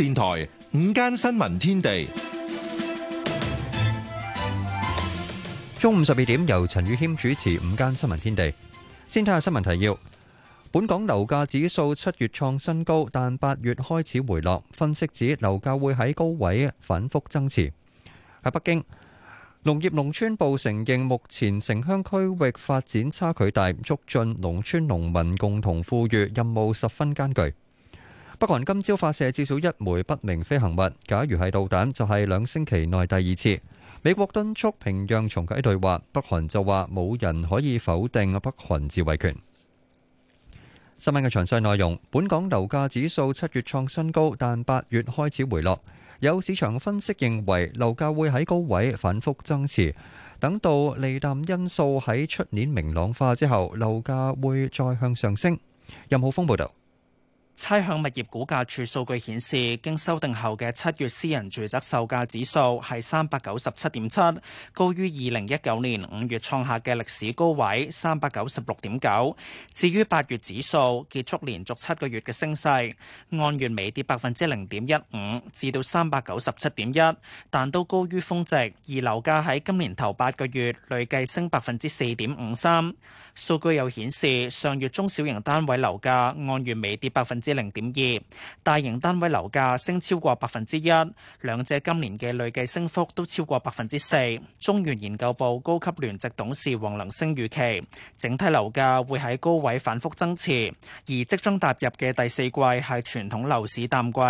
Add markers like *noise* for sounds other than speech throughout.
電台午間新聞天地，中午十二點由陳宇謙主持《午間新聞天地》。先睇下新聞提要，本港樓價指數七月創新高，但八月開始回落。分析指樓價會喺高位反覆增持。喺北京，農業農村部承認目前城鄉區域發展差距大，促進農村農民共同富裕任務十分艱巨。北韓今朝發射至少一枚不明飛行物，假如係導彈，就係兩星期內第二次。美國敦促平壤重啟對話，北韓就話冇人可以否定北韓自衛權。新聞嘅詳細內容：本港樓價指數七月創新高，但八月開始回落。有市場分析認為樓價會喺高位反覆爭持，等到利淡因素喺出年明朗化之後，樓價會再向上升。任浩峯報導。差餉物業估價署數據顯示，經修訂後嘅七月私人住宅售價指數係三百九十七點七，高於二零一九年五月創下嘅歷史高位三百九十六點九。至於八月指數結束連續七個月嘅升勢，按月微跌百分之零點一五，至到三百九十七點一，但都高於峰值。而樓價喺今年頭八個月累計升百分之四點五三。數據又顯示，上月中小型單位樓價按月微跌百分之零點二，大型單位樓價升超過百分之一，兩者今年嘅累計升幅都超過百分之四。中原研究部高級聯席董事黃良昇預期，整體樓價會喺高位反覆增持，而即將踏入嘅第四季係傳統樓市淡季。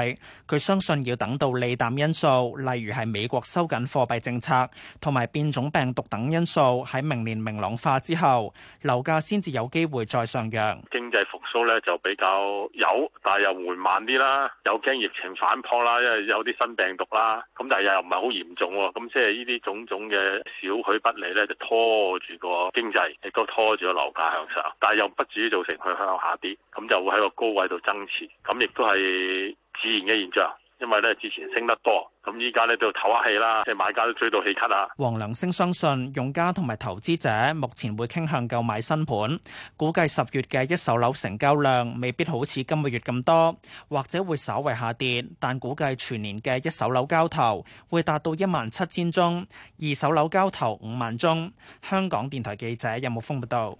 佢相信要等到利淡因素，例如係美國收緊貨幣政策同埋變種病毒等因素喺明年明朗化之後，樓價先至有機會再上揚。經濟復蘇咧就比較有，但係又緩慢啲啦，有驚疫情反撲啦，因為有啲新病毒啦。咁但係又唔係好嚴重喎。咁即係呢啲種種嘅小許不利咧，就拖住個經濟，亦都拖住個樓價向上。但係又唔至於造成佢向下跌，咁就會喺個高位度增持。咁亦都係自然嘅現象。因為呢，之前升得多，咁依家呢就唞下氣啦，即係買家都追到氣咳啊。黃良升相信，用家同埋投資者目前會傾向購買新盤，估計十月嘅一手樓成交量未必好似今個月咁多，或者會稍為下跌，但估計全年嘅一手樓交投會達到一萬七千宗，二手樓交投五萬宗。香港電台記者任木峰報道。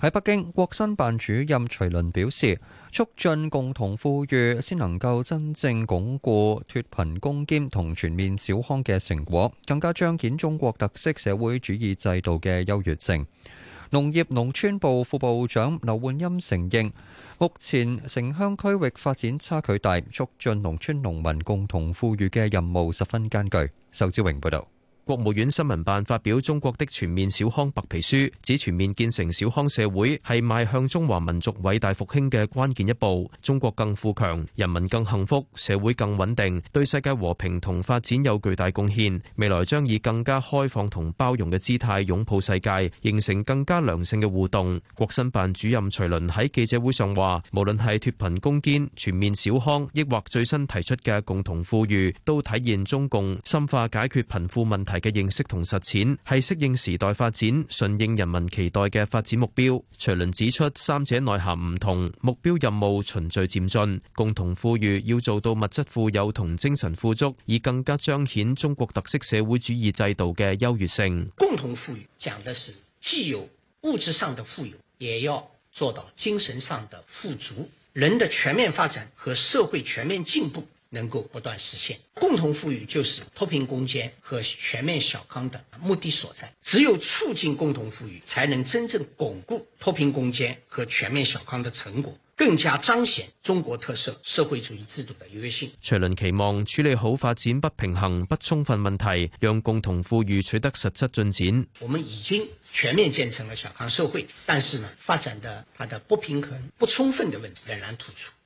喺北京，國新辦主任徐麟表示，促進共同富裕先能夠真正鞏固脫貧攻堅同全面小康嘅成果，更加彰顯中國特色社會主義制度嘅優越性。農業農村部副部長劉煥鑫承認，目前城鄉區域發展差距大，促進農村農民共同富裕嘅任務十分艱巨。仇志榮報道。國務院新聞辦發表《中國的全面小康白皮書》，指全面建成小康社會係邁向中華民族偉大復興嘅關鍵一步。中國更富強，人民更幸福，社會更穩定，對世界和平同發展有巨大貢獻。未來將以更加開放同包容嘅姿態擁抱世界，形成更加良性嘅互動。國新辦主任徐麟喺記者會上話，無論係脫貧攻堅、全面小康，抑或最新提出嘅共同富裕，都體現中共深化解決貧富問題嘅認識同實踐，係適應時代發展、順應人民期待嘅發展目標。徐麟指出，三者內涵唔同，目標任務循序漸進，共同富裕要做到物質富有同精神富足，以更加彰顯中國特色社會主義制度嘅優越性。共同富裕講的是既有物質上的富有，也要做到精神上的富足，人的全面發展和社會全面進步。能夠不斷實現共同富裕，就是脫貧攻堅和全面小康的目的所在。只有促進共同富裕，才能真正鞏固脫貧攻堅和全面小康的成果，更加彰顯中國特色社會主義制度的優越性。蔡倫期望處理好發展不平衡不充分問題，讓共同富裕取得實質進展。我們已經全面建成了小康社會，但是呢，發展的它的不平衡不充分的問題仍然突出。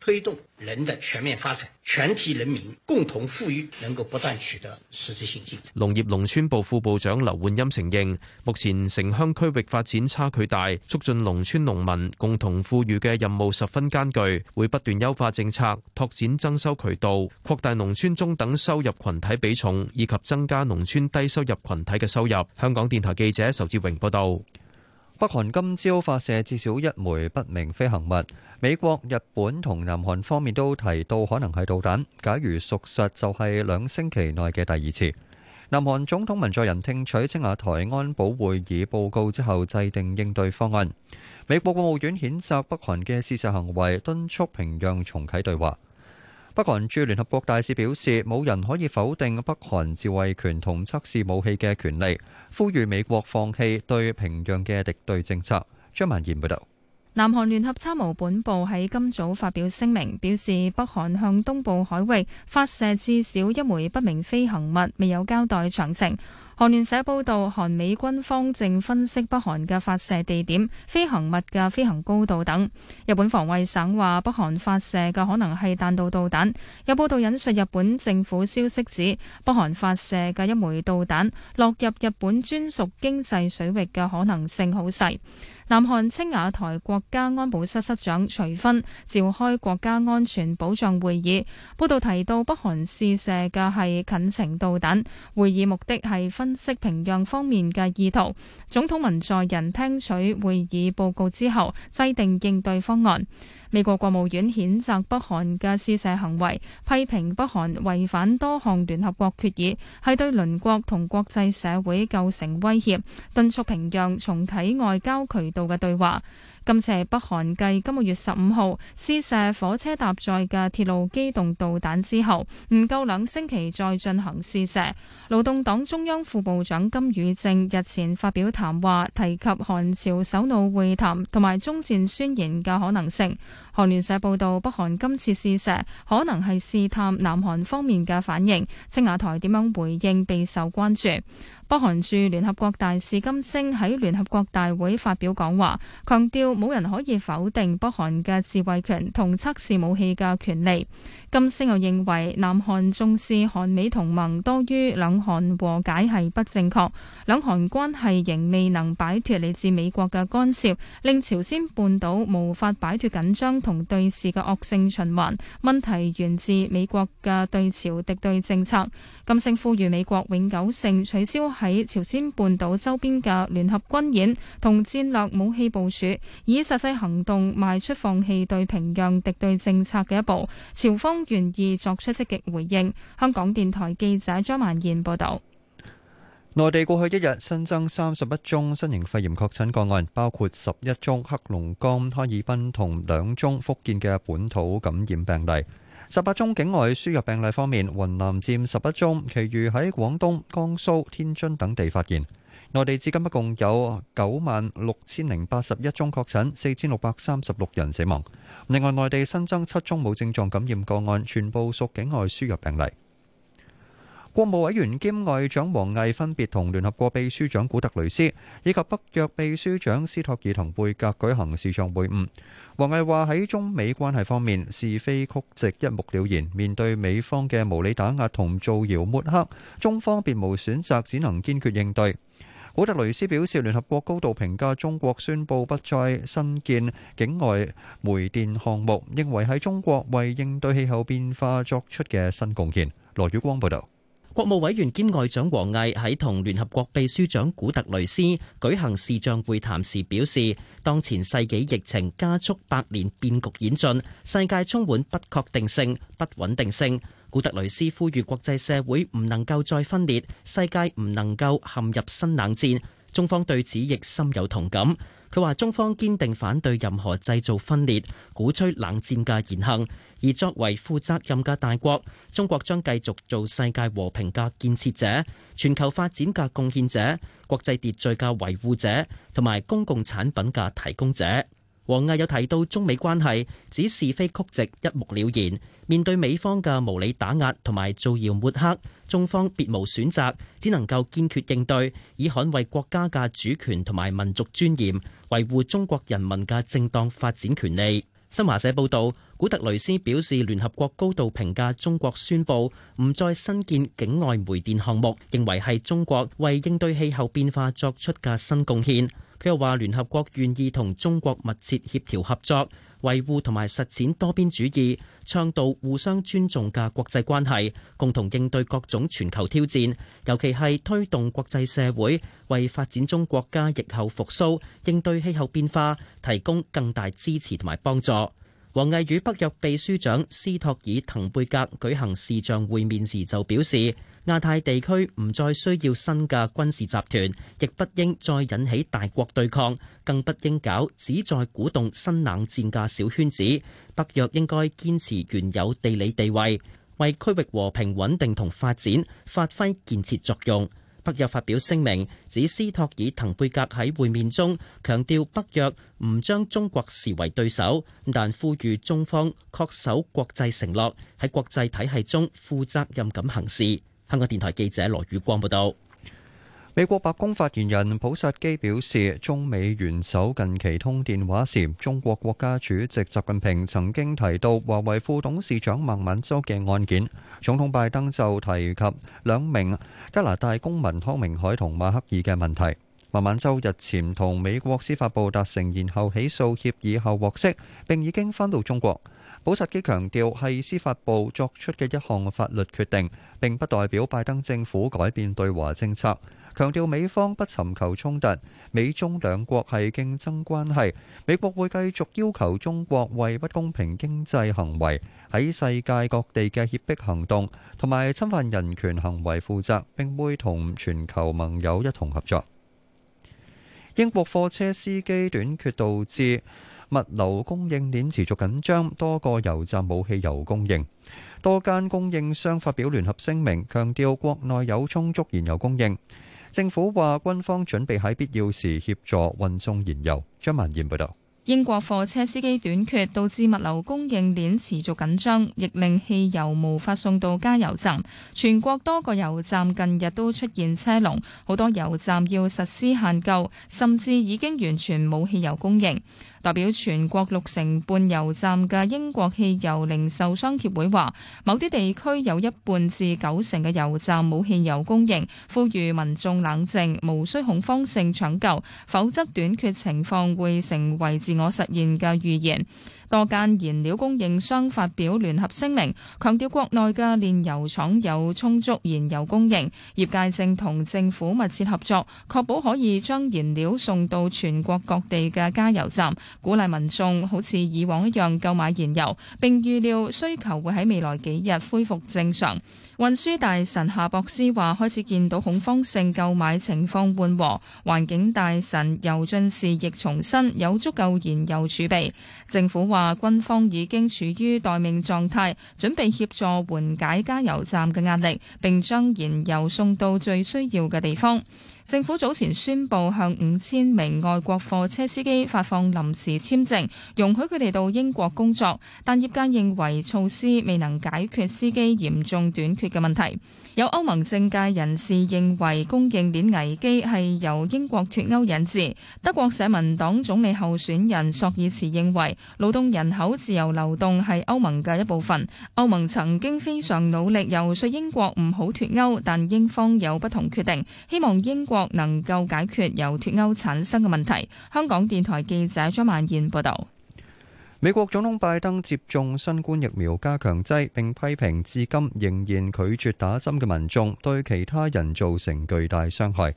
推動人的全面發展，全體人民共同富裕能夠不斷取得實質性進展。農業農村部副部長劉煥鑫承認，目前城鄉區域發展差距大，促進農村農民共同富裕嘅任務十分艱巨，會不斷優化政策，拓展增收渠道，擴大農村中等收入群體比重，以及增加農村低收入群體嘅收入。香港電台記者仇志榮報道。北韓今朝發射至少一枚不明飛行物。美國、日本同南韓方面都提到可能係導彈。假如屬實，就係兩星期內嘅第二次。南韓總統文在寅聽取青瓦台安保會議報告之後，制定應對方案。美國國務院譴責北韓嘅試射行為，敦促平壤重啟對話。北韓駐聯合國大使表示，冇人可以否定北韓自衛權同測試武器嘅權利，呼籲美國放棄對平壤嘅敵對政策。張曼怡報道。南韓聯合參謀本部喺今早發表聲明，表示北韓向東部海域發射至少一枚不明飛行物，未有交代詳情。韓聯社報道，韓美軍方正分析北韓嘅發射地點、飛行物嘅飛行高度等。日本防衛省話，北韓發射嘅可能係彈道導彈。有報道引述日本政府消息指，北韓發射嘅一枚導彈落入日本專屬經濟水域嘅可能性好細。南韓青瓦台國家安保室室長徐薰召開國家安全保障會議，報道提到北韓試射嘅係近程導彈，會議目的係分析平壤方面嘅意圖。總統文在寅聽取會議報告之後，制定應對方案。美國國務院譴責北韓嘅試射行為，批評北韓違反多項聯合國決議，係對鄰國同國際社會構成威脅，敦促平壤重啟外交渠道嘅對話。今次係北韓繼今個月十五號試射火車搭載嘅鐵路機動導彈之後，唔夠兩星期再進行試射。勞動黨中央副部長金宇正日前發表談話，提及韓朝首腦會談同埋終戰宣言嘅可能性。韓聯社報導，北韓今次試射可能係試探南韓方面嘅反應，青瓦台點樣回應備受關注。北韓駐聯合國大使金星喺聯合國大會發表講話，強調冇人可以否定北韓嘅自衛權同測試武器嘅權利。金星又認為，南韓重視韓美同盟多於兩韓和解係不正確，兩韓關係仍未能擺脱嚟自美國嘅干涉，令朝鮮半島無法擺脱緊張。同對峙嘅惡性循環問題源自美國嘅對朝敵對政策，金正呼籲美國永久性取消喺朝鮮半島周邊嘅聯合軍演同戰略武器部署，以實際行動邁出放棄對平壤敵對政策嘅一步。朝方願意作出積極回應。香港電台記者張曼燕報道。內地過去一日新增三十一宗新型肺炎確診個案，包括十一宗黑龍江哈爾濱同兩宗福建嘅本土感染病例。十八宗境外輸入病例方面，雲南佔十一宗，其餘喺廣東、江蘇、天津等地發現。內地至今一共有九萬六千零八十一宗確診，四千六百三十六人死亡。另外，內地新增七宗冇症狀感染個案，全部屬境外輸入病例。國務委員兼外長王毅分別同聯合國秘書長古特雷斯以及北約秘書長斯托爾滕貝格舉行視像會晤。王毅話：喺中美關係方面，是非曲直一目了然。面對美方嘅無理打壓同造謠抹黑，中方別無選擇，只能堅決應對。古特雷斯表示，聯合國高度評價中國宣布不再新建境外煤電項目，認為係中國為應對氣候變化作出嘅新貢獻。羅宇光報道。國務委員兼外長王毅喺同聯合國秘書長古特雷斯舉行視像會談時表示，當前世紀疫情加速百年變局演進，世界充滿不確定性、不穩定性。古特雷斯呼籲國際社會唔能夠再分裂世界，唔能夠陷入新冷戰，中方對此亦深有同感。佢話：中方堅定反對任何製造分裂、鼓吹冷戰嘅言行，而作為負責任嘅大國，中國將繼續做世界和平嘅建設者、全球發展嘅貢獻者、國際秩序嘅維護者同埋公共產品嘅提供者。王毅又提到中美關係，指是非曲直一目了然，面對美方嘅無理打壓同埋造謠抹黑。中方別無選擇，只能夠堅決應對，以捍衛國家嘅主權同埋民族尊嚴，維護中國人民嘅正當發展權利。新華社報導，古特雷斯表示，聯合國高度評價中國宣布唔再新建境外煤電項目，認為係中國為應對氣候變化作出嘅新貢獻。佢又話，聯合國願意同中國密切協調合作。維護同埋實踐多邊主義，倡導互相尊重嘅國際關係，共同應對各種全球挑戰，尤其係推動國際社會為發展中國家疫後復甦、應對氣候變化提供更大支持同埋幫助。王毅與北約秘書長斯托爾滕貝格舉行視像會面時就表示。亞太地區唔再需要新嘅軍事集團，亦不應再引起大國對抗，更不應搞旨在鼓動新冷戰嘅小圈子。北約應該堅持原有地理地位，為區域和平穩定同發展發揮建設作用。北約發表聲明，指斯托爾滕貝格喺會面中強調，北約唔將中國視為對手，但呼籲中方確守國際承諾，喺國際體係中負責任咁行事。香港電台記者羅宇光報道，美國白宮發言人普薩基表示，中美元首近期通電話時，中國國家主席習近平曾經提到華為副董事長孟晚舟嘅案件。總統拜登就提及兩名加拿大公民康明凱同馬克爾嘅問題。孟晚舟日前同美國司法部達成延後起訴協議後獲釋，並已經翻到中國。保薩基強調係司法部作出嘅一項法律決定，並不代表拜登政府改變對華政策。強調美方不尋求衝突，美中兩國係競爭關係。美國會繼續要求中國為不公平經濟行為喺世界各地嘅脅迫行動同埋侵犯人權行為負責，並會同全球盟友一同合作。英國貨車司機短缺導致物流供應鏈持續緊張，多個油站冇汽油供應。多間供應商發表聯合聲明，強調國內有充足燃油供應。政府話軍方準備喺必要時協助運送燃油。張曼燕報導，英國貨車司機短缺，導致物流供應鏈持續緊張，亦令汽油無法送到加油站。全國多個油站近日都出現車龍，好多油站要實施限購，甚至已經完全冇汽油供應。代表全國六成半油站嘅英國汽油零售商協會話，某啲地區有一半至九成嘅油站冇汽油供應，呼籲民眾冷靜，無需恐慌性搶購，否則短缺情況會成為自我實現嘅預言。多間燃料供應商發表聯合聲明，強調國內嘅煉油廠有充足燃油供應，業界正同政府密切合作，確保可以將燃料送到全國各地嘅加油站，鼓勵民眾好似以往一樣購買燃油，並預料需求會喺未來幾日恢復正常。運輸大臣夏博斯話，開始見到恐慌性購買情況緩和，環境大臣游俊士亦重申有足夠燃油儲備。政府話軍方已經處於待命狀態，準備協助緩解加油站嘅壓力，並將燃油送到最需要嘅地方。政府早前宣布向五千名外國貨車司機發放臨時簽證，容許佢哋到英國工作，但業界認為措施未能解決司機嚴重短缺嘅問題。有歐盟政界人士認為供應鏈危機係由英國脫歐引致。德國社民黨總理候選人朔爾茨認為，勞動人口自由流動係歐盟嘅一部分。歐盟曾經非常努力游說英國唔好脫歐，但英方有不同決定，希望英國。能夠解決由脫歐產生嘅問題。香港電台記者張曼燕報道：美國總統拜登接種新冠疫苗加強劑，並批評至今仍然拒絕打針嘅民眾對其他人造成巨大傷害。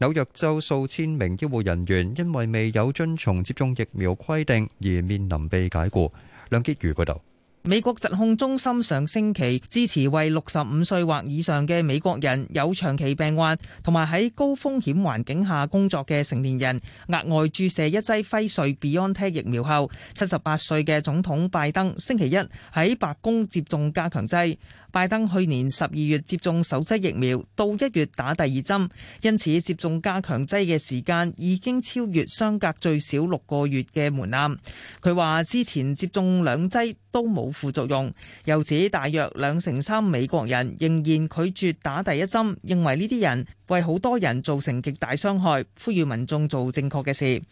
紐約州數千名醫護人員因為未有遵從接種疫苗規定而面臨被解僱。梁潔如報道。美國疾控中心上星期支持為六十五歲或以上嘅美國人、有長期病患同埋喺高風險環境下工作嘅成年人，額外注射一劑輝瑞、BioNTech 疫苗後，七十八歲嘅總統拜登星期一喺白宮接種加強劑。拜登去年十二月接種首劑疫苗，到一月打第二針，因此接種加強劑嘅時間已經超越相隔最少六個月嘅門檻。佢話之前接種兩劑都冇副作用，又指大約兩成三美國人仍然拒絕打第一針，認為呢啲人為好多人造成極大傷害，呼籲民眾做正確嘅事。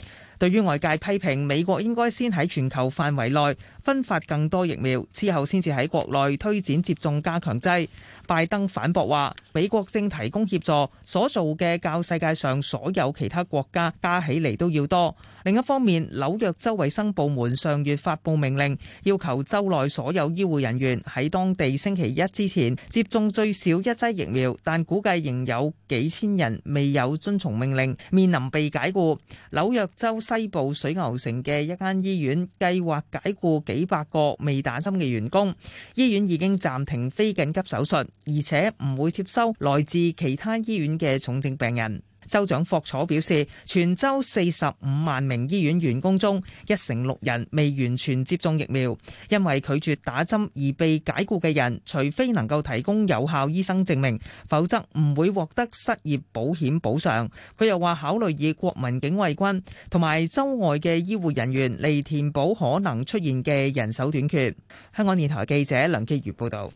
對於外界批評，美國應該先喺全球範圍內分發更多疫苗，之後先至喺國內推展接種加強劑。拜登反駁話：美國正提供協助，所做嘅較世界上所有其他國家加起嚟都要多。另一方面，紐約州衛生部門上月發佈命令，要求州內所有醫護人員喺當地星期一之前接種最少一劑疫苗，但估計仍有幾千人未有遵從命令，面臨被解僱。紐約州西部水牛城嘅一間醫院計劃解僱幾百個未打針嘅員工，醫院已經暫停非緊急手術，而且唔會接收來自其他醫院嘅重症病人。州長霍楚表示，全州四十五萬名醫院員工中，一成六人未完全接種疫苗，因為拒絕打針而被解雇嘅人，除非能夠提供有效醫生證明，否則唔會獲得失業保險補償。佢又話考慮以國民警衛軍同埋州外嘅醫護人員嚟填補可能出現嘅人手短缺。香港電台記者梁潔如報導。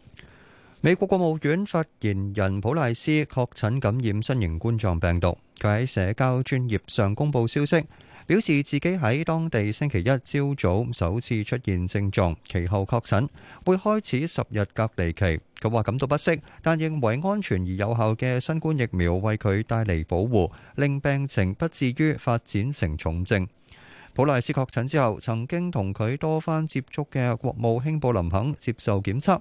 美國國務院發言人普賴斯確診感染新型冠狀病毒。佢喺社交專業上公布消息，表示自己喺當地星期一朝早首次出現症狀，其後確診，會開始十日隔離期。佢話感到不適，但認為安全而有效嘅新冠疫苗為佢帶嚟保護，令病情不至於發展成重症。普賴斯確診之後，曾經同佢多番接觸嘅國務卿布林肯接受檢測。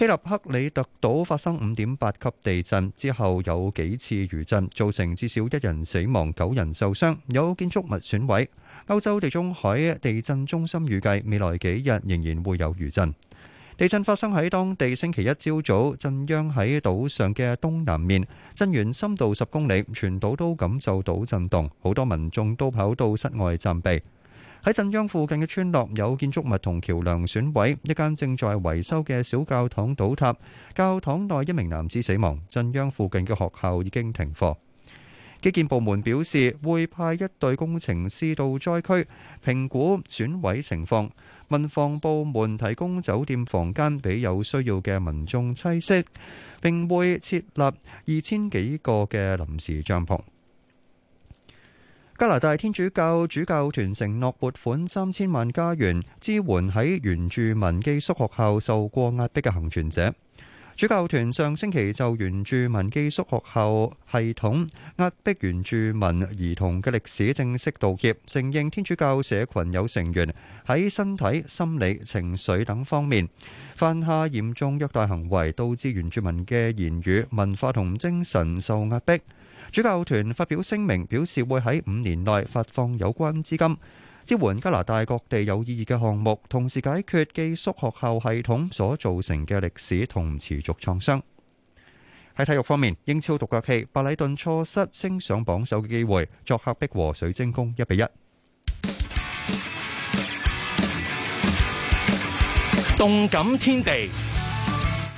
希臘克里特島發生5.8級地震之後，有幾次餘震，造成至少一人死亡，九人受傷，有建築物損毀。歐洲地中海地震中心預計未來幾日仍然會有餘震。地震發生喺當地星期一朝早，震央喺島上嘅東南面，震源深度十公里，全島都感受到震動，好多民眾都跑到室外暫避。喺鎮央附近嘅村落有建築物同橋樑損毀，一間正在維修嘅小教堂倒塌，教堂內一名男子死亡。鎮央附近嘅學校已經停課。基建部門表示會派一隊工程師到災區評估損毀情況，民防部門提供酒店房間俾有需要嘅民眾棲息，並會設立二千幾個嘅臨時帳篷。加拿大天主教主教團承諾撥款三千萬加元支援喺原住民寄宿學校受過壓迫嘅幸存者。主教團上星期就原住民寄宿學校系統壓迫原住民兒童嘅歷史正式道歉，承認天主教社群有成員喺身體、心理、情緒等方面犯下嚴重虐待行為，導致原住民嘅言語、文化同精神受壓迫。主教團發表聲明，表示會喺五年內發放有關資金，支援加拿大各地有意義嘅項目，同時解決寄宿學校系統所造成嘅歷史同持續創傷。喺體育方面，英超獨腳戲，白禮頓錯失升上榜首嘅機會，作客逼和水晶宮一比一。動感天地。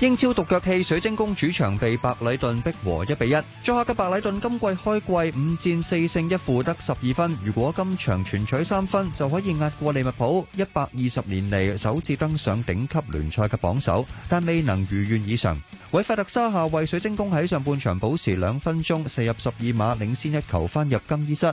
英超獨腳戲，水晶宮主場被白禮頓逼和一比一。作客嘅白禮頓今季開季五戰四勝一負得十二分，如果今場全取三分，就可以壓過利物浦一百二十年嚟首次登上頂級聯賽嘅榜首，但未能如願以償。韋費特沙夏為水晶宮喺上半場保持兩分鐘射入十二碼領先一球，返入更衣室。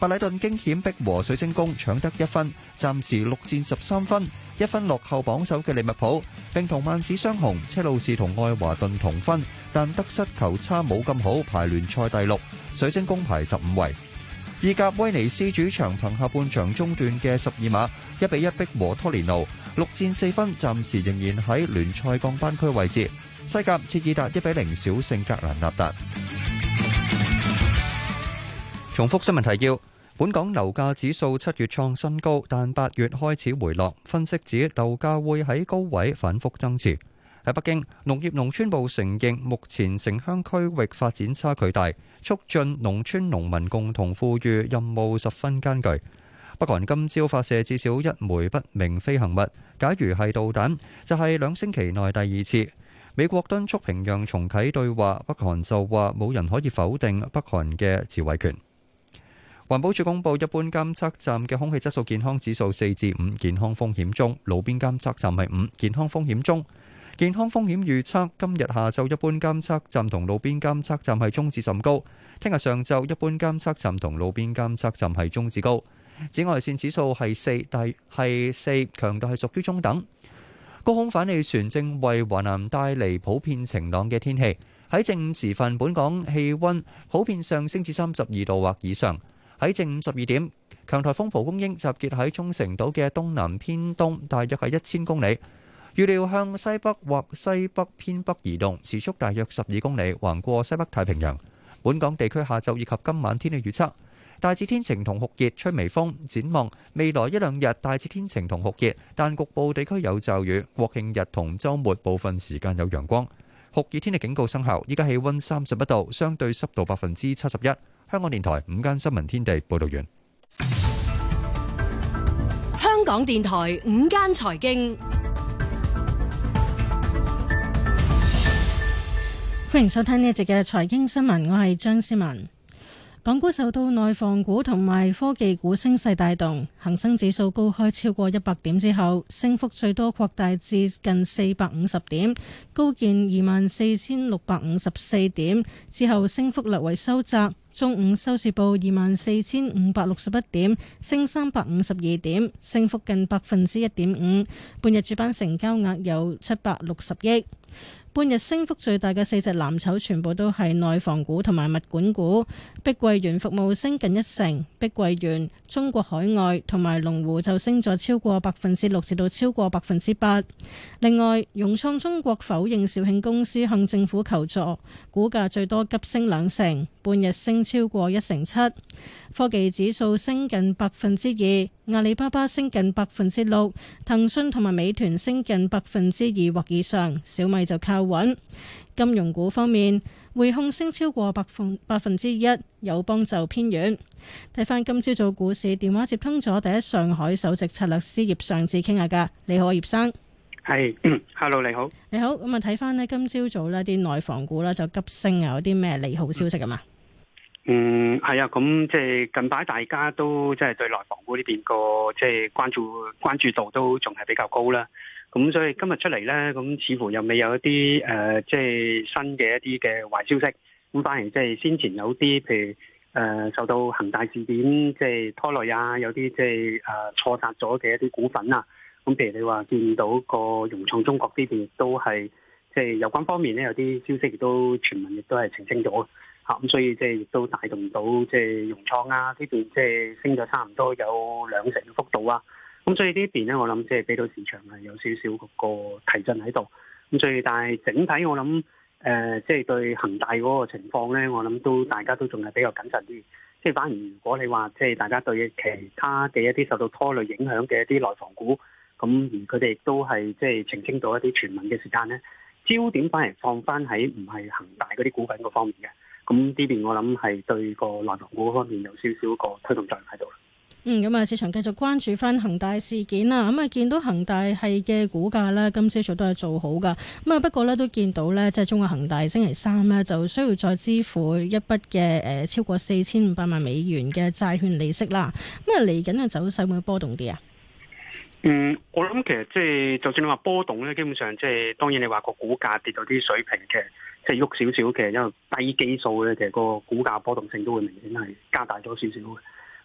白禮頓驚險逼和水晶宮搶得一分，暫時六戰十三分，一分落後榜首嘅利物浦，並同曼市雙雄車路士同愛華頓同分，但得失球差冇咁好，排聯賽第六。水晶宮排十五位。意甲威尼斯主場憑下半場中段嘅十二碼一比一逼和拖連奴，六戰四分，暫時仍然喺聯賽降班區位置。西甲切爾達一比零小勝格蘭納達。重複新聞提要：本港樓價指數七月創新高，但八月開始回落。分析指樓價會喺高位反覆爭持。喺北京，農業農村部承認目前城鄉區域發展差距大，促進農村農民共同富裕任務十分艱巨。北韓今朝發射至少一枚不明飛行物，假如係導彈，就係兩星期內第二次。美國敦促平壤重啟對話，北韓就話冇人可以否定北韓嘅自衛權。環保署公布，一般監測站嘅空氣質素健康指數四至五，健康風險中；路邊監測站係五，健康風險中。健康風險預測今日下晝一般監測站同路邊監測站係中至甚高，聽日上晝一般監測站同路邊監測站係中至高。紫外綫指數係四，係四，強度係屬於中等。高空反氣旋正為華南帶嚟普遍晴朗嘅天氣。喺正午時分，本港氣温普遍上升至三十二度或以上。喺正午十二點，強颱風蒲公英集結喺沖繩島嘅東南偏東，大約係一千公里。預料向西北或西北偏北移動，時速大約十二公里，橫過西北太平洋。本港地區下晝以及今晚天氣預測：大致天晴同酷熱，吹微風。展望未來一兩日，大致天晴同酷熱，但局部地區有驟雨。國慶日同週末部分時間有陽光。酷熱天氣警告生效。依家氣温三十一度，相對濕度百分之七十一。香港電台午間新聞天地報道完。香港電台午間財經，歡迎收聽呢一節嘅財經新聞。我係張思文。港股受到內房股同埋科技股升勢帶動，恒生指數高開超過一百點之後，升幅最多擴大至近四百五十點，高見二萬四千六百五十四點之後，升幅略為收窄。中午收市報二萬四千五百六十一點，升三百五十二點，升幅近百分之一點五。半日主板成交額有七百六十億，半日升幅最大嘅四隻藍籌全部都係內房股同埋物管股。碧桂園服務升近一成，碧桂園、中國海外同埋龍湖就升咗超過百分之六至到超過百分之八。另外，融創中國否認紹興公司向政府求助，股價最多急升兩成，半日升超過一成七。科技指數升近百分之二，阿里巴巴升近百分之六，騰訊同埋美團升近百分之二或以上，小米就靠穩。金融股方面，匯控升超過百分百分之一，友邦就偏軟。睇翻今朝早，早股市，電話接通咗第一上海首席策略師葉尚志傾下噶。好 *coughs* 你好，葉生。係，Hello，你好。你好，咁啊睇翻呢今朝早呢啲內房股呢就急升啊，有啲咩利好消息噶嘛？嗯，係啊，咁即係近排大家都即係對內房股呢邊個即係關注關注度都仲係比較高啦。咁所以今日出嚟呢，咁似乎又未有一啲誒，即係、呃、新嘅一啲嘅壞消息。咁反而即係先前有啲，譬如誒、呃、受到恒大事件即係拖累，呃、啊，有啲即係誒錯殺咗嘅一啲股份啊。咁譬如你話見到個融創中國呢邊亦都係即係有關方面呢，有啲消息亦都傳聞亦都係澄清咗。咁、嗯、所以即係亦都帶動到即係融創啊，呢邊，即係升咗差唔多有兩成嘅幅度啊。咁、嗯、所以呢邊咧，我諗即係俾到市場係有少少個提振喺度。咁、嗯、所以但係整體我、呃就是，我諗誒，即係對恒大嗰個情況咧，我諗都大家都仲係比較謹慎啲。即係反而如果你話即係大家對其他嘅一啲受到拖累影響嘅一啲內房股，咁而佢哋亦都係即係澄清到一啲傳聞嘅時間咧，焦點反而放翻喺唔係恒大嗰啲股份嗰方面嘅。咁呢邊我諗係對個銀行股方面有少少個推動作用喺度。嗯，咁、嗯、啊，市場繼續關注翻恒大事件啦。咁、嗯、啊，見到恒大係嘅股價咧，今朝早都係做好噶。咁、嗯、啊，不過咧都見到咧，即係中國恒大星期三咧就需要再支付一筆嘅誒、呃、超過四千五百萬美元嘅債券利息啦。咁啊，嚟緊嘅走勢會波動啲啊？嗯，我諗其實即、就、係、是、就算你話波動咧，基本上即、就、係、是、當然你話個股價跌到啲水平嘅。即係喐少少嘅，因為低基數咧，其實個股價波動性都會明顯係加大咗少少嘅。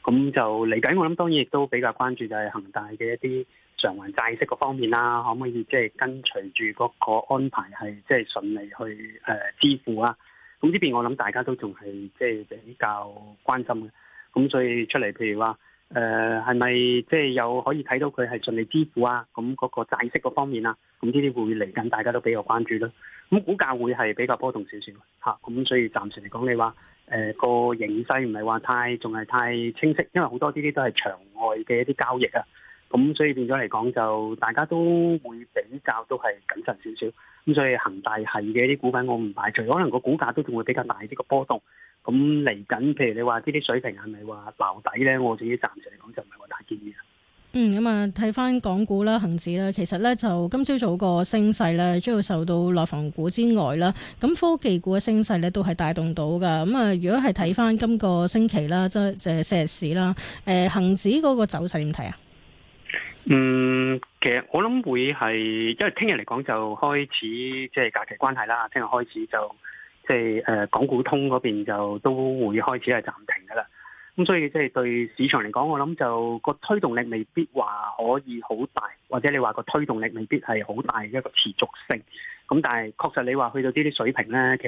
咁就嚟緊，我諗當然亦都比較關注就係恒大嘅一啲償還債息嗰方面啦，可唔可以即係跟隨住嗰個安排係即係順利去誒支付啊？咁呢邊我諗大家都仲係即係比較關心嘅。咁所以出嚟，譬如話。誒係咪即係有可以睇到佢係順利支付啊？咁嗰個債息嗰方面啊，咁呢啲會嚟緊，大家都比較關注啦、啊。咁股價會係比較波動少少嚇，咁、啊、所以暫時嚟講，你話誒個形勢唔係話太仲係太清晰，因為好多呢啲都係場外嘅一啲交易啊。咁所以變咗嚟講，就大家都會比較都係謹慎少少。咁所以恒大系嘅啲股份，我唔排除，可能個股價都仲會比較大啲嘅波動。咁嚟緊，譬如你話呢啲水平係咪話撈底咧？我自己暫時嚟講就唔係話太建議啦。嗯，咁啊睇翻港股啦，恒指啦，其實咧就今朝早個升勢咧，主要受到內房股之外啦，咁科技股嘅升勢咧都係帶動到噶。咁啊，如果係睇翻今個星期啦，即係即係四日市啦，誒，恒指嗰個走勢點睇啊？嗯，其實我諗會係，因為聽日嚟講就開始，即係假期關係啦，聽日開始就。即係誒，港股通嗰邊就都會開始係暫停噶啦。咁所以即係對市場嚟講，我諗就個推動力未必話可以好大，或者你話個推動力未必係好大一個持續性。咁但係確實你話去到呢啲水平咧，其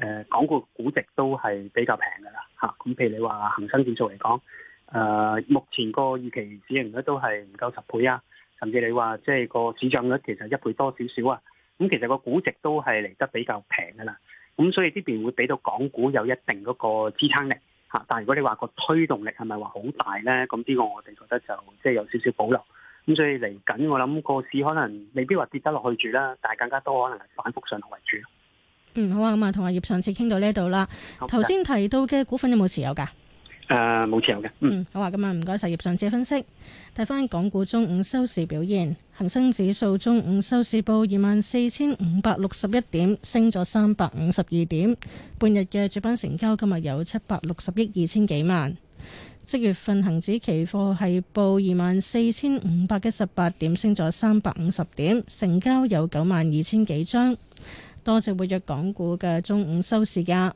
實誒港股估值都係比較平噶啦吓。咁譬如你話恒生指數嚟講，誒、呃、目前個預期市盈率都係唔夠十倍啊，甚至你話即係個市漲率其實一倍多少少啊。咁其實個估值都係嚟得比較平噶啦。咁、嗯、所以呢邊會俾到港股有一定嗰個支撐力吓、啊，但係如果你話個推動力係咪話好大咧？咁呢個我哋覺得就即係、就是、有少少保留。咁、嗯、所以嚟緊我諗個市可能未必話跌得落去住啦，但係更加多可能係反覆上行為主。嗯，好啊，咁啊，同阿葉上次傾到呢度啦。頭先好，提到嘅股份有冇持有噶？誒、呃，冇持有嘅。嗯，嗯，好啊，咁啊，唔該晒葉上次嘅分析。睇翻港股中午收市表現。恒生指數中午收市報二萬四千五百六十一點，升咗三百五十二點。半日嘅主板成交今日有七百六十億二千幾萬。即月份恒指期貨係報二萬四千五百一十八點，升咗三百五十點，成交有九萬二千幾張。多隻活躍港股嘅中午收市價。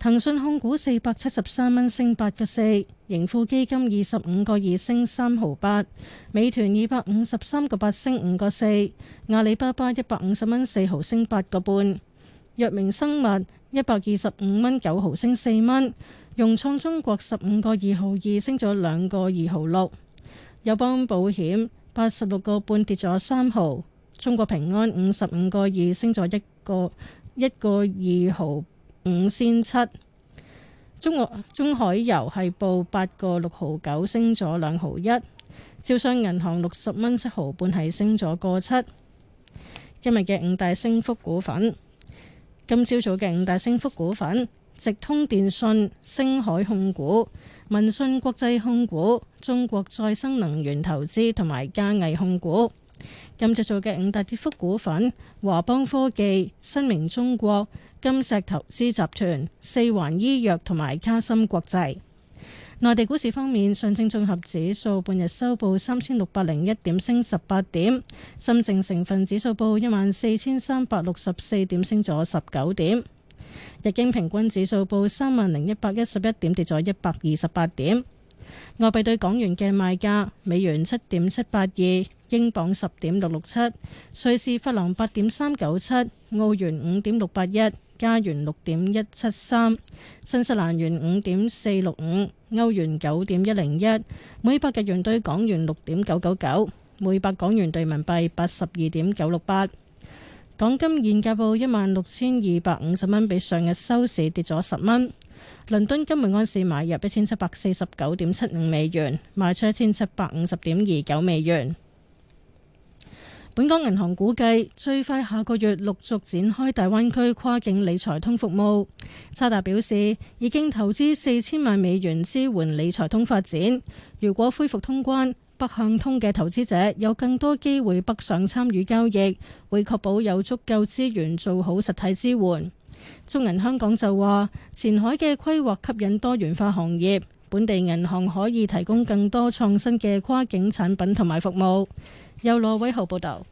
騰訊控股四百七十三蚊升八個四，盈富基金二十五個二升三毫八，美團二百五十三個八升五個四，阿里巴巴一百五十蚊四毫升八個半，藥明生物一百二十五蚊九毫升四蚊，融創中國十五個二毫二升咗兩個二毫六，友邦保險八十六個半跌咗三毫，中國平安五十五個二升咗一個一個二毫。五千七，中國中海油係報八個六毫九，升咗兩毫一；招商銀行六十蚊七毫半，係升咗個七。今日嘅五大升幅股份，今朝早嘅五大升幅股份：直通電信、星海控股、民信國際控股、中國再生能源投資同埋嘉藝控股。今朝早嘅五大跌幅股份：華邦科技、新明中國。金石投資集團、四環醫藥同埋卡森國際。內地股市方面，上證綜合指數半日收報三千六百零一點，升十八點；深證成分指數報一萬四千三百六十四點，升咗十九點；日經平均指數報三萬零一百一十一點，跌咗一百二十八點。外幣對港元嘅賣價：美元七點七八二，英鎊十點六六七，瑞士法郎八點三九七，澳元五點六八一。加元六點一七三，3, 新西蘭元五點四六五，歐元九點一零一，每百日元兌港元六點九九九，每百港元兌人民幣八十二點九六八。港金現價報一萬六千二百五十蚊，比上日收市跌咗十蚊。倫敦金每盎司買入一千七百四十九點七五美元，賣出一千七百五十點二九美元。本港銀行估計最快下個月陸續展開大灣區跨境理財通服務。渣打表示，已經投資四千萬美元支援理財通發展。如果恢復通關，北向通嘅投資者有更多機會北上參與交易，會確保有足夠資源做好實體支援。中銀香港就話，前海嘅規劃吸引多元化行業，本地銀行可以提供更多創新嘅跨境產品同埋服務。有羅偉豪報道。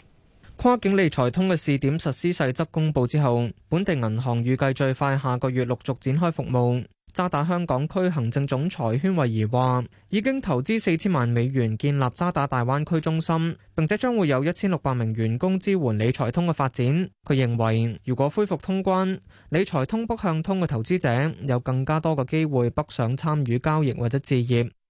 跨境理財通嘅試點實施細則公布之後，本地銀行預計最快下個月陸續展開服務。渣打香港區行政總裁禤惠儀話，已經投資四千萬美元建立渣打大灣區中心，並且將會有一千六百名員工支援理財通嘅發展。佢認為，如果恢復通關，理財通北向通嘅投資者有更加多嘅機會北上參與交易或者置業。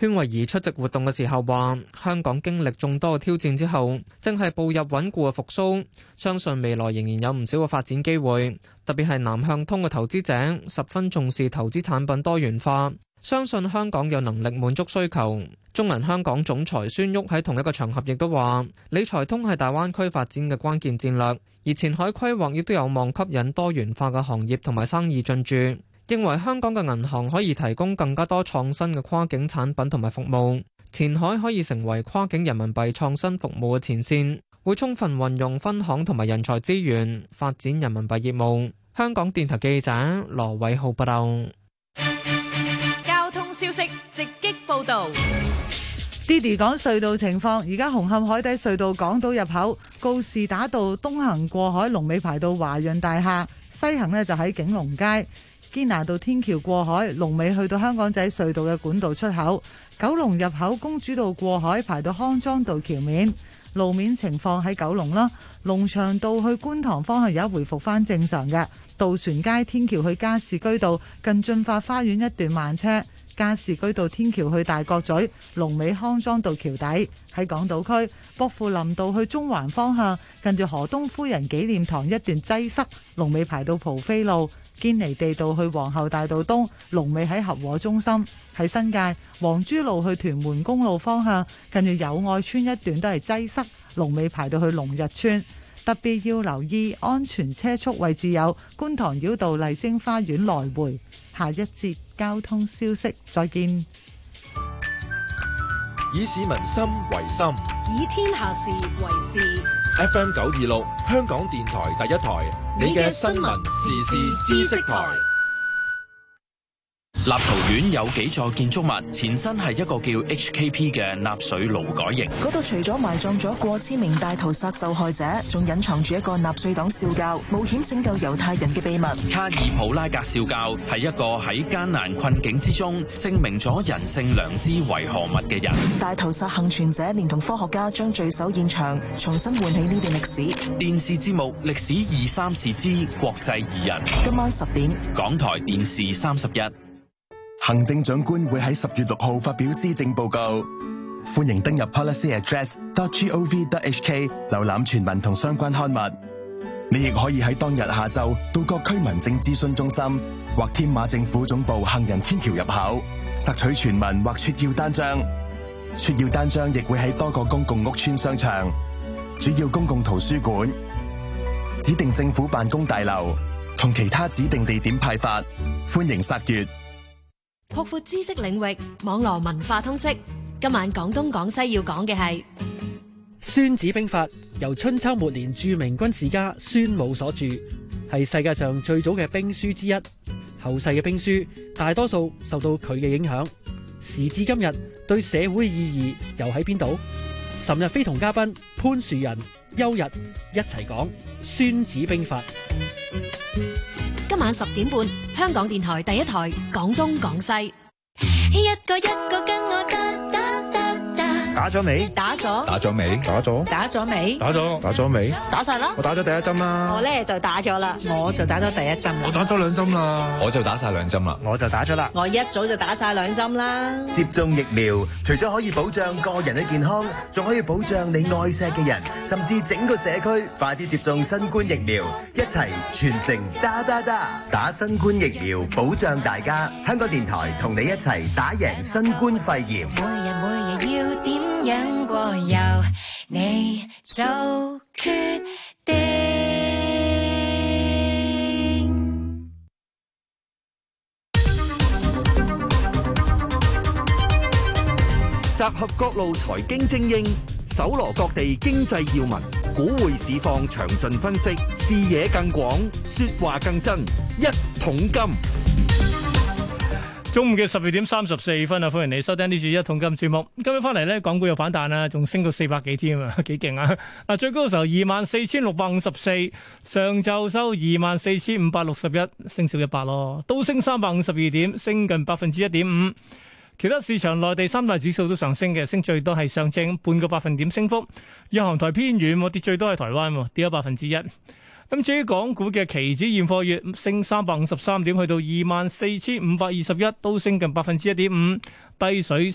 禤慧怡出席活動嘅時候話：香港經歷眾多嘅挑戰之後，正係步入穩固嘅復甦，相信未來仍然有唔少嘅發展機會。特別係南向通嘅投資者十分重視投資產品多元化，相信香港有能力滿足需求。中銀香港總裁孫旭喺同一個場合亦都話：理財通係大灣區發展嘅關鍵戰略，而前海規劃亦都有望吸引多元化嘅行業同埋生意進駐。認為香港嘅銀行可以提供更加多創新嘅跨境產品同埋服務，前海可以成為跨境人民幣創新服務嘅前線，會充分運用分行同埋人才資源發展人民幣業務。香港電台記者羅偉浩報道。交通消息直擊報道 Diddy 講隧道情況，而家紅磡海底隧道港島入口告士打道東行過海龍尾排到華潤大廈，西行呢就喺景隆街。堅拿道天橋過海，龍尾去到香港仔隧道嘅管道出口；九龍入口公主道過海，排到康莊道橋面。路面情況喺九龍啦。龍翔道去觀塘方向有一回復翻正常嘅，渡船街天橋去加士居道近駿發花園一段慢車，加士居道天橋去大角咀龍尾康莊道橋底。喺港島區，薄扶林道去中環方向近住何東夫人紀念堂一段擠塞，龍尾排到蒲飛路，堅尼地道去皇后大道東龍尾喺合和中心。喺新界，皇珠路去屯門公路方向近住友愛村一段都係擠塞。龍尾排到去龍日村，特別要留意安全車速位置，有觀塘繞道麗晶花園來回。下一節交通消息，再見。以市民心為心，以天下事為事。FM 九二六，香港電台第一台，你嘅新聞時事知識台。立陶宛有幾座建築物，前身係一個叫 HKP 嘅納粹勞改營。嗰度除咗埋葬咗過千名大屠殺受害者，仲隱藏住一個納粹黨少教冒險拯救猶太人嘅秘密。卡爾普拉格少教係一個喺艱難困境之中證明咗人性良知為何物嘅人。大屠殺幸存者連同科學家將聚首現場重新喚起呢段歷史。電視節目《歷史二三事之國際義人》今晚十點，港台電視三十一。行政長官會喺十月六號發表施政報告，歡迎登入 policyaddress.gov.hk 瀏覽全文同相關刊物。你亦可以喺當日下晝到各區民政諮詢中心或天馬政府總部行人天橋入口，索取全文或撮要單張。撮要單張亦會喺多個公共屋邨、商場、主要公共圖書館、指定政府辦公大樓同其他指定地點派發，歡迎索閱。擴闊知識領域，網絡文化通識。今晚講東講西要講嘅係《孫子兵法》，由春秋末年著名軍事家孫武所著，係世界上最早嘅兵書之一。後世嘅兵書大多數受到佢嘅影響。時至今日，對社會意義又喺邊度？岑日非同嘉賓潘樹仁、邱日一齊講《孫子兵法》。今晚十點半，香港電台第一台《廣東廣西》。一個一個跟我打咗未？打咗。打咗未？打咗。打咗未？打咗。打咗未？打晒啦！我打咗第一針啦。我呢就打咗啦，我就打咗第一針啦。我打咗兩針啦，我就打晒兩針啦。我就打咗啦。我一早就打晒兩針啦。接種疫苗，除咗可以保障個人嘅健康，仲可以保障你愛錫嘅人，甚至整個社區。快啲接種新冠疫苗，一齊全城打打打，打新冠疫苗保障大家。香港電台同你一齊打贏新冠肺炎。要點樣過，由你做決定。集合各路財經精英，搜羅各地經濟要聞，股匯市況詳盡分析，視野更廣，說話更真。一桶金。中午嘅十二點三十四分啊，歡迎你收聽呢次一桶金節目。今日翻嚟呢，港股又反彈啦，仲升到四百幾添啊，幾勁啊！嗱，最高嘅時候二萬四千六百五十四，上晝收二萬四千五百六十一，升少一百咯，都升三百五十二點，升近百分之一點五。其他市場內地三大指數都上升嘅，升最多係上證半個百分點升幅，日韓台偏軟，跌最多係台灣，跌咗百分之一。咁至於港股嘅期指現貨月升三百五十三點，去到二萬四千五百二十一，都升近百分之一點五，低水。